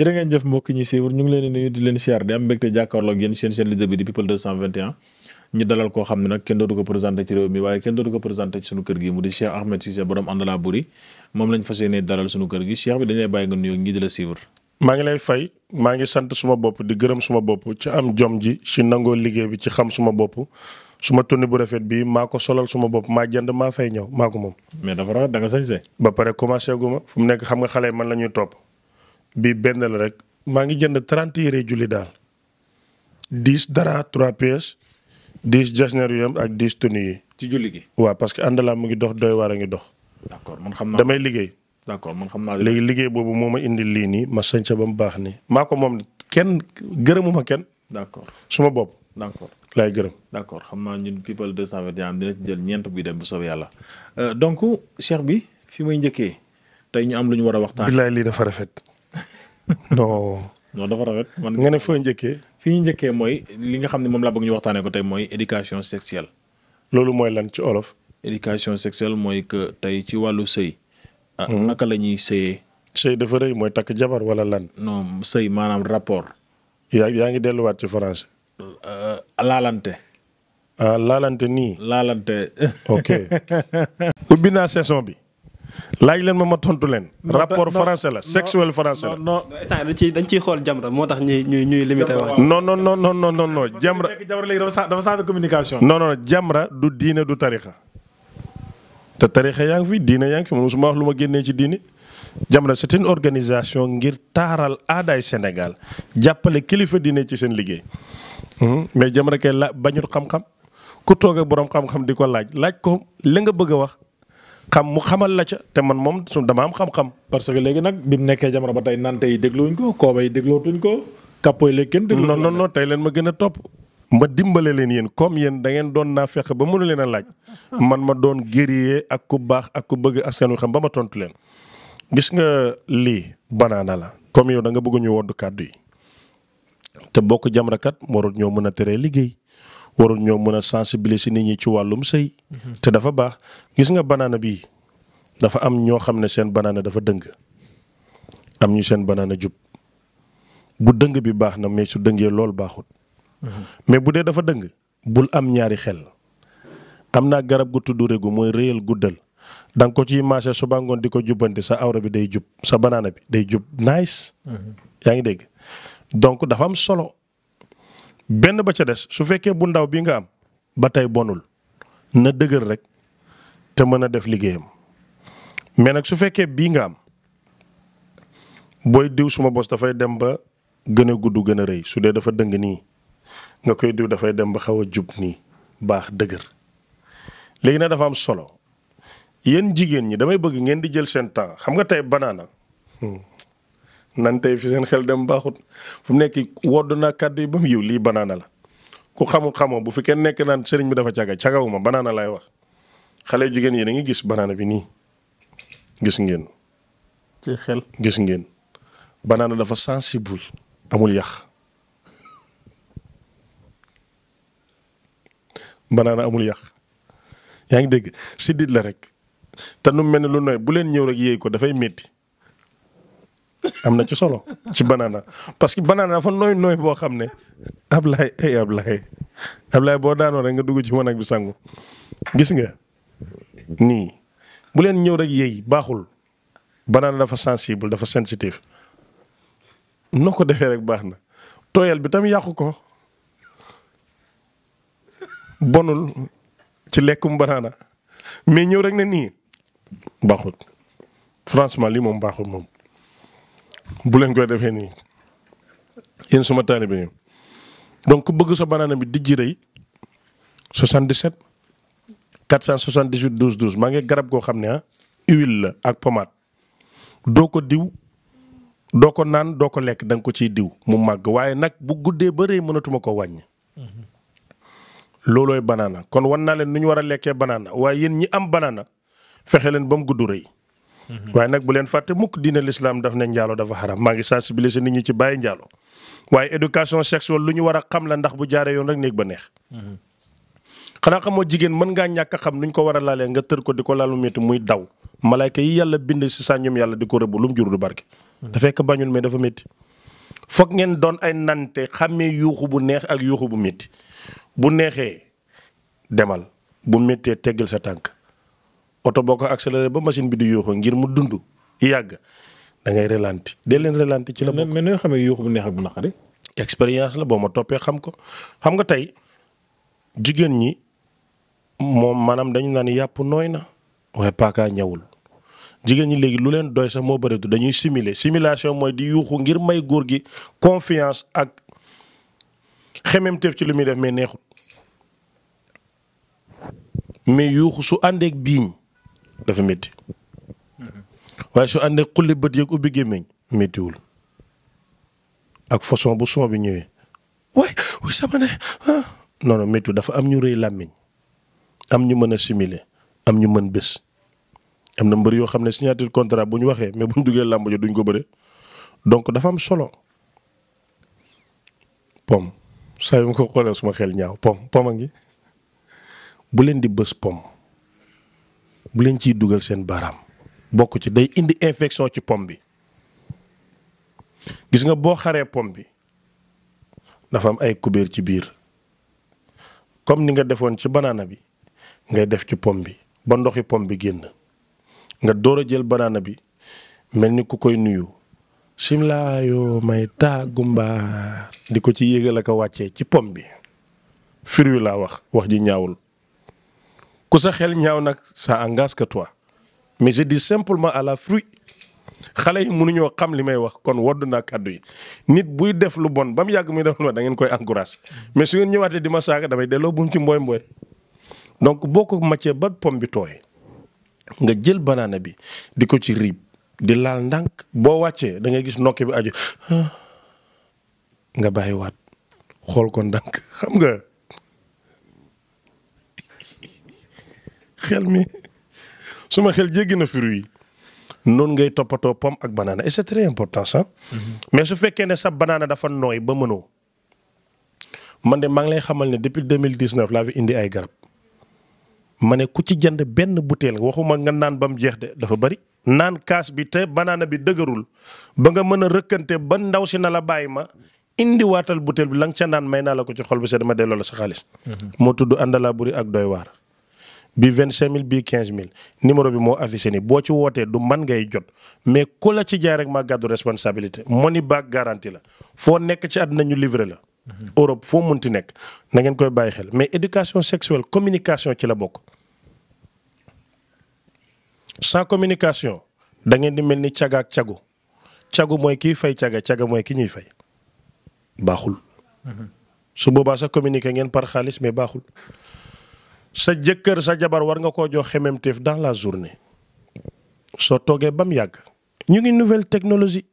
jërë ngeen jëf mbokk ñi siiwur ñu ngi leen di nuyu di leen siyaar di am mbégte jàkkaarloo ak yéen seen seen leader bi di people 221 ñu dalal koo xam ne nag kenn dootu ko présenté ci réew mi waaye kenn dootu ko présenté ci sunu kër gi mu di Cheikh Ahmed Cissé borom Andala Buri moom lañ fas yéene dalal sunu kër gi Cheikh bi dañu lay bàyyi nga nuyoo ñi di la siiwur maa ngi lay fay maa ngi sant suma bopp di gërëm suma bopp ci am jom ji ci liggéey bi ci xam suma bopp suma tunni bu rafet bi maa ko solal suma bopp maa jënd maa fay ñëw maa ko moom mais dafa rafet da nga sañse ba pare commencé gu ma mu nekk xam nga xale man la ñuy topp bi benn la rek maa ngi jënd 30 yére julli daal 10 dara trois pièces 10 jasneer yu yem ak 10 tenue yi. ci julli gi waaw parce que àndalaa mu ngi dox doy waar a ngi dox. d'accord man xam naa damay liggéey. d'accord man xam naa léegi liggéey boobu moo ma indi lii nii ma sañca ba mu baax nii maa ko moom kenn gërëmuma kenn. d'accord suma bopp. d'accord laay gërëm. d'accord xam naa ñun people 221 am dina ci jël ñeent buy dem bu soobee yàlla euh, donc cheikh bi fi may njëkkee tey ñu am lu ñu war a waxtaan. billaay lii dafa rafet. non. non dafa rafet man. nga ne foo njëkkee. fi ñu njëkkee mooy li nga xam ne moom laa bëgg ñu waxtaanee ko tey mooy éducation sexuelle. loolu mooy lan ci olof. éducation sexuelle mooy que tey ci wàllu sëy. ah hmm. naka la ñuy sëyee. sëy dafa rëy mooy takk jabar wala lan. non sëy maanaam rapport. yaa yaa ngi delluwaat ci français. Euh, laalante. Ah, laalante nii. laalante. ok ubbi naa saison bi. laaj leen ma ma tontu leen. rapport français la sexuel français la. non dañ ciy dañ ciy xool Jamra moo tax ñuy ñuy ñuy limité wax. non non non non non non Jamra. Jamra léegi dafa centre communication. non non Jamra du diine du tarixa te tarixa yaa ngi fi diine yaa ngi fi mosuma wax lu ma génnee ci diine. Jamra c'est une organisation ngir taaral aadaay Sénégal jàppale kilifa diine ci seen liggéey hmm? mais Jamra kay la bañul xam-xam ku toog ak borom xam-xam di ko laaj laaj ko li nga bëgg a wax. xam mu xamal la ca te man moom su dama am xam-xam. parce que léegi nag bi mu nekkee jamono ba tey nante yi dégluwuñ ko kooba yi déglootuñ ko kàppoo yi léegi kenn déglu non non non tey leen ma gën a topp. ma dimbale leen yéen comme yéen da ngeen doon naa fexe ba mënu leen a laaj man ma doon guerrier ak ku baax ak ku bëgg askan wi xam ba ma tontu leen. gis nga lii banaana la comme yow da nga bëgg ñu wodd kàddu yi te bokk Jamra moo warut ñoo mën a teree liggéey waroon ñoo mën a sensibiliser nit ñi ci wàllum sëy. Mhm. te dafa baax gis nga banaana bi dafa am ñoo xam ne seen banaana dafa dëng am ñu seen banaana jub bu dëng bi baax na mais su dëngee lool baaxut. Mhm. mais bu dee dafa dëng bul am ñaari xel. am naa garab gu tudd regu mooy réyal guddal da nga ko ciy maase su ba ngoon di ko jubbanti sa awra bi day jub sa banaana bi day jub nice. Mhm. yaa ngi dégg donc dafa am solo. benn ba ca des su fekkee bu ndaw bii nga am ba tey bonul na dëgër rek te mën a def liggéeyam mais nag su fekkee bii nga am booy diw suma bos dafay dem ba gën a gudd gën a rëy su dee dafa dëng nii nga koy diw dafay dem ba xaw a jub nii baax dëgër léegi nag dafa am solo yéen jigéen ñi damay bëgg ngeen di jël seen temps xam nga tey banaana. Hmm, nan tey fi seen xel dem baaxut fu mu nekk wodd naa kàddu yi ba mu yiw lii banaana la ku xamul xamoo bu fi kenn nekk naan sëriñ bi dafa caga cagawuma banaana laay wax xale jigéen yi da gis banaana bi nii gis ngeen. ci gis ngeen. banaana dafa sensible amul yax banaana amul yax yaa ngi dégg siddit la rek te nu mel ni lu nooy bu leen ñëw rek yéey ko dafay métti. am na ci solo ci banaana parce que banana dafa nooy nooy boo xam ne Ablaye ay Ablaye Ablaye boo daanoo rek nga dugg ci wanag bi sangu gis nga nii bu leen ñëw rek yéy baaxul banana dafa sensible dafa sensitive noo ko defee rek baax na tooyal bi tam yàqu ko bonul ci lekkum banaana mais ñëw rek na nii baaxul franchement lii moom baaxul moom. bu leen koy defee nii yéen suma taalibe yi donc ku bëgg sa banaana bi rey di dijji rëy 77 478 12 12 maa ngi garab goo xam ne ah huile la ak pomaat doo ko diw doo ko naan doo ko lekk danga ko ciy diw mu màgg waaye nag bu guddee ba rëy mënatuma ko wàññi. Mm-hmm. loolooy banaana kon wan naa leen nu ñu war a lekkee banaana waaye yéen ñi am banaana fexe leen ba mu gudd rey Mhm. waaye nag bu leen fàtte mukk dina lislaam daf ne njaalo dafa xaram maa ngi sensibiliser nit ñi ci bàyyi njaalo waaye éducation sexuelle lu ñu war a xam la ndax bu jaaree yoon rek néeg ba neex mhm. xanaa xamoo jigéen mën ngaa ñàkk a xam nuñ ko war a laalee nga tër ko di ko laal mu métti muy daw malayka yi yàlla bind si sànñum yàlla di ko rëbb lu mu jur du barke mhm. dafa fekk bañul mais dafa métti foog ngeen doon ay nante xàmmee yuuxu bu neex ak yuuxu bu métti bu neexee demal bu méttee teggal sa tànk oto boo ko accéléré ba machine bi di yuuxu ngir mu dund yàgg da ngay relanti dee leen relanti ci la bokk mais noo xamee yuuxu bu neex bu bu naqari expérience la boo ma toppee xam ko xam nga tey jigéen ñi moom maanaam dañu naan yàpp nooy na waaye paakaa ñawul jigéen ñi léegi lu leen doy sax moo bëreetu dañuy simuler similation mooy di yuuxu ngir may góor gi confiance ak xememteef ci lu muy def mais neexut mais yuuxu su àndeek biiñ dafa métti waaye su àndee xulli bët yeeg ubbi gémmiñ méttiwul ak façon bu son bi ñëwee waay wuy sama ah. non non méttiwul dafa am ñu rëy làmmiñ am ñu mën a simuler am ñu mën bés am na mbër yoo xam ne signature contrat bu ñu waxee mais bu ñu duggee làmb jo duñ ko bëre donc dafa am solo pom saa yu ma ko xoolee suma xel ñaaw pom pom a ngi bu leen di bës pom bu leen ciy dugal seen baaraam bokk ci day indi infection ci pomme bi gis nga boo xaree pomme bi dafa am ay kubéer ci biir comme ni nga defoon ci banaana bi ngay def ci pomme bi ba ndoxi pomme bi génn nga door a jël banaana bi mel ni ku koy nuyu simlaayoo may taagumbaar di ko ci yéegal ak a wàccee ci pomme bi wi laa wax wax ji ñaawul ku sa xel ñaaw nag sa engage que toi mais je dis simplement à la fruit xale yi mënuñoo xam li may wax kon wodd naa kàddu yi nit buy def lu bon ba mu yàgg muy def lu bon da ngeen koy encourage mais su ngeen ñëwaatee di ma saaga damay delloo bu mu ci mbooy mbooy donc boo ko màccee ba pom bi tooy nga jël banaana bi di ko ci riib di laal ndànk boo wàccee da ngay gis nokki bi aju ah, nga bàyyiwaat xool ko ndànk xam nga. xel mi ma xel jéggi na fruit yi noonu ngay toppatoo pomme ak banana et c'est très important sax mm-hmm. mais su fekkee ne sa banaana dafa nooy ba mënoo. man de maa lay xamal ne depuis 2019 laa fi indi ay garab ma ne ku ci jënd benn butéel waxuma nga naan ba mu jeex de dafa bari. naan kaas bi te banaana bi dëgërul ba nga mën a rëkkante ba ndaw si na la bàyyi ma indi waatal butéel bi la nga ca naan may naa la ko ci xol bi sax ma delloo la sa xaalis. Mm-hmm. moo tudd àndalaa vingt bi 25000 bii 15000 numéro bi moo affiché ni boo ci wootee du man ngay jot mais ko la ci jaay rek maa gàddu moo ni back garantie la foo nekk ci àddina ñu livré la. Europe foo munti nekk nangeen koy bàyyi xel mais éducation sexuelle communication ci la bokk. sans communication da ngeen di mel ni caga cago cagu cagu mooy kiy fay caga caga mooy ki ñuy fay baaxul. Mm-hmm. su boobaa sax communiqué ngeen par xaalis mais baaxul. sa jëkkër sa jabar war nga koo jox xememteef dans la journée soo toogee ba mu yàgg ñu ngi nouvelle technologie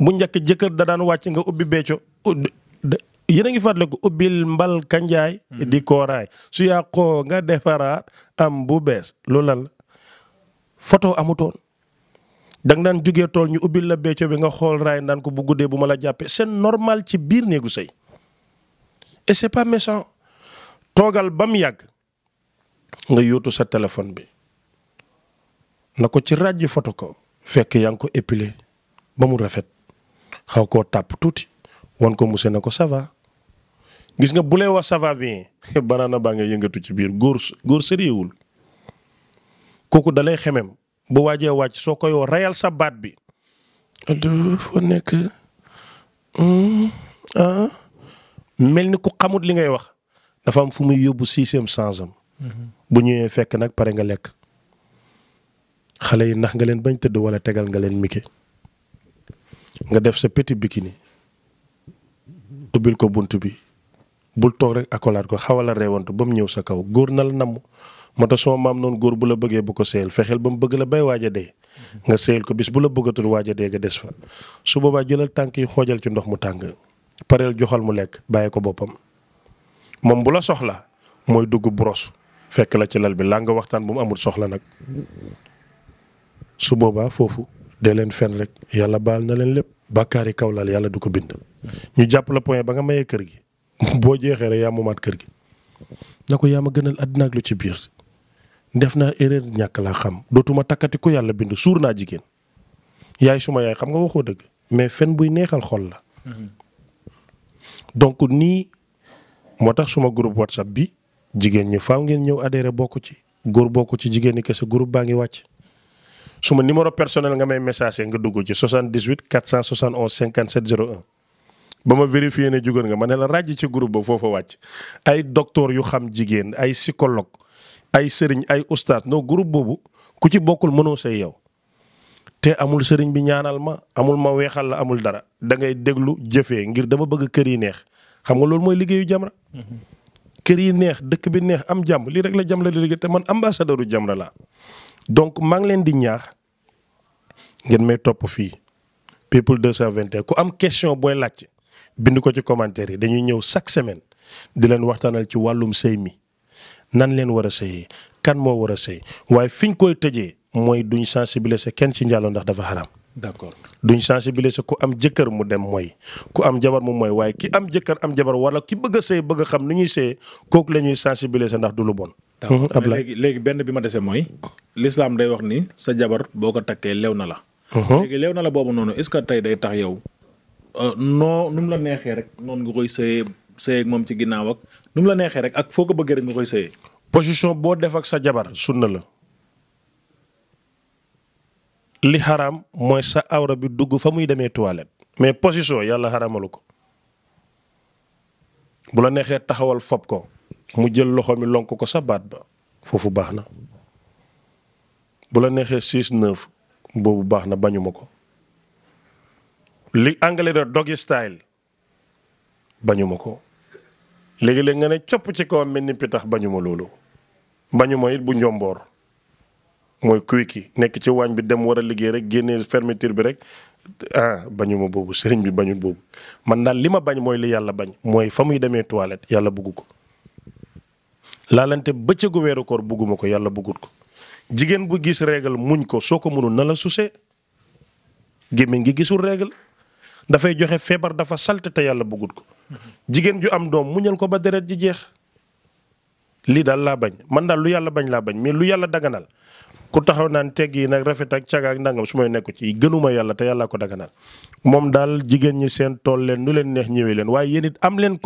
bu njëkk jëkkër da daan wàcc nga ubbi becco yéen a ngi fàttaliku ubbil mbal kanjaay mm-hmm. di kooraay su yàqoo nga defaraat am bu bees loolu lan la photo amutoon danga daan jugee tool ñu ubbil la becco bi nga xool raay naan ko bu guddee bu ma la jàppee c'est normal ci biir néegu sëy et c'est pas méchant toogal ba mu yàgg nga yóotu sa téléphone bi na ko ci raj foto ko fekk yaa ngi ko épilé ba mu rafet xaw ko tàpp tuuti wan ko mu muse na ko ça gis nga bulay wax ça va bien banaana baa nga yëngatu ci biir góor góor sëriwul kooku dalay xemem bu waajee wàcc soo koy woo rayal sa baat bi nekk hmm, ah. mel ni ku xamut li ngay wax dafa am fu muy yóbbu sixième sens bu ñëwee fekk nag pare nga lekk xale yi nax nga leen bañ tëdd wala tegal nga leen miki nga def sa petit bikini ubbil ko bunt bi bul toog rek akolaat ko xawal a reewantu ba mu ñëw sa kaw góor na la namm moo tax soo maam noonu góor bu la bëggee bu ko seyal fexeel ba mu bëgg la bay waaja dee nga seyal ko bis bu la bëggatul waaj a dee nga des fa su boobaa jëlal tànk yi xoojal ci ndox mu tàng pareel joxal mu lekk bàyyi ko boppam moom bu la soxla mooy dugg brosse fekk la ci lal bi laa nga waxtaan bu mu amul soxla nag su boobaa foofu de leen fen rek yàlla baal na leen lépp bàkkaari kaw lal yàlla du ko bind. ñu jàpp la point ba nga mayee kër gi boo jeexee rek yaa kër gi na ko yaa gënal àddina lu ci biir def naa erreur ñàkk laa xam dootuma takkati ku yàlla bind suur naa jigéen yaay suma yaay xam nga waxoo dëgg mais fen buy neexal xol la mm-hmm. donc nii moo tax suma groupe whatsapp bi. jigéen ñi faaw ngeen ñëw adhéré bokk ci góor bokk ci jigéen ñi kese groupe baa ngi wàcc su ma numéro personnel nga may message nga dugg ci 78 471 57 01 ba ma vérifié ne jugoon nga ma ne la ràjj ci groupe ba foofa wàcc ay docteur yu xam jigéen ay psychologue ay sëriñ ay ustaas no groupe boobu ku ci bokkul mënoo say yow te amul sëriñ bi ñaanal ma amul ma weexal la amul dara da ngay déglu jëfee ngir dama bëgg kër yi neex xam loolu mooy liggéeyu Jamra mm-hmm. kër yi neex dëkk bi neex am jàmm lii rek la jàmm la liggéey te man ambassadeur u jàmm la laa donc maa leen di ñaax ngeen may topp fii people 221 ku am question booy laajte bind ko ci commentaire yi dañuy ñëw chaque semaine di leen waxtaanal ci wàllum sëy mi nan leen war a sëyee kan moo war a sëy waaye fi ñu koy tëjee mooy duñ sensibiliser kenn ci njàllo ndax dafa xaram d'accord duñ sa ku am jëkkër mu dem mooy ku am jabar mu mooy waaye ki am jëkkër am jabar wala ki bëgg a sëy bëgg xam ni ñuy sëy kooku la ñuy sensibiliser ndax du lu bon. Mhm, ab léegi léegi benn bi ma desee mooy. lislaam day wax ni sa jabar boo ko takkee lew na la. Mhm. léegi lew na la boobu noonu est-ce que tey day tax yow. Euh, noo nu mu la neexee rek noonu nga koy sëyee sëyee moom ci ginnaaw ak nu mu la neexee rek ak foo ko bëggee rek nga koy sëyee. position boo def ak sa jabar sunna la. li xaram mooy sa awra bi dugg fa muy demee toilet mais position yàlla xaraamalu ko bu la neexee taxawal fob ko mu jël loxo mi lonk ko sa baat ba foofu baax na bu la neexee six neuf boobu baax na bañuma ko li anglais da doggy style bañuma ko léegi-léeg nga ne copp ci kaw mel ni pitax bañuma loolu bañuma it bu njomboor mooy kuy ki nekk ci waañ bi dem war a liggéey rek génne fermeture bi rek ah bañu ma boobu sëriñ bi bañul boobu man daal li ma bañ mooy li yàlla bañ mooy fa muy demee toilette yàlla bugg ko laalante bëccëgu weeru koor bugguma ko yàlla buggut ko jigéen bu gis régal muñ ko soo ko mënul na la susee gémmiñ gi gisul dafay joxe feebar dafa salte te yàlla buggut ko jigéen ju am doom muñal ko ba deret ji jeex lii daal laa bañ man daal lu yàlla bañ laa bañ mais lu yàlla daganal ku taxaw naan teg yi nag rafet ak cagaak ndangam su may nekku ci gënuma yàlla te yàlla ko daganal moom daal jigéen ñi seen tool leen nu leen neex ñëwee leen waaye yéen it am leen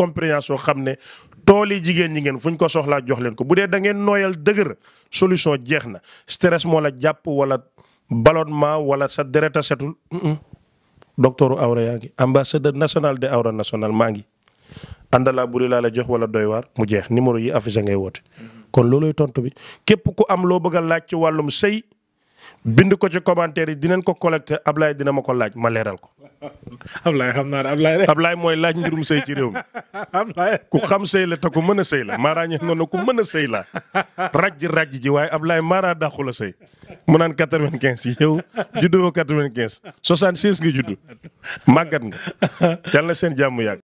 soo xam ne tool yi jigéen ñi ngeen fu ñu ko soxlaa jox leen ko bu dee da ngeen nooyal dëgër solution jeex na stress moo la jàpp wala ballonnement wala sa deret a setul docteur awra yaa ngi ambassadeur national de awra national maa ngi àndalaa buri laa la jox wala doy waar mu jeex numéro yi affiché ngay woote kon looloy tontu bi képp ku am loo bëgg laaj ci wàllum sëy bind ko ci commentaire yi dinañ ko collecté Ablaye dina ma ko laaj ma leeral ko. Ablaye xam naa ne Ablaye rek. Ablaye mooy laaj mbirum sëy ci réew mi. Ablaye ku xam sëy la te ku mën a sëy la Mara ñëw na ku mën a sëy la rajji rajji ji waaye Ablaye Mara dàqu la sëy mu naan quatre-vingt-quinze yi yow juddoo quatre-vingt-quinze soixante-seize nga judd màggat nga yàlla na seen jàmm yàgg.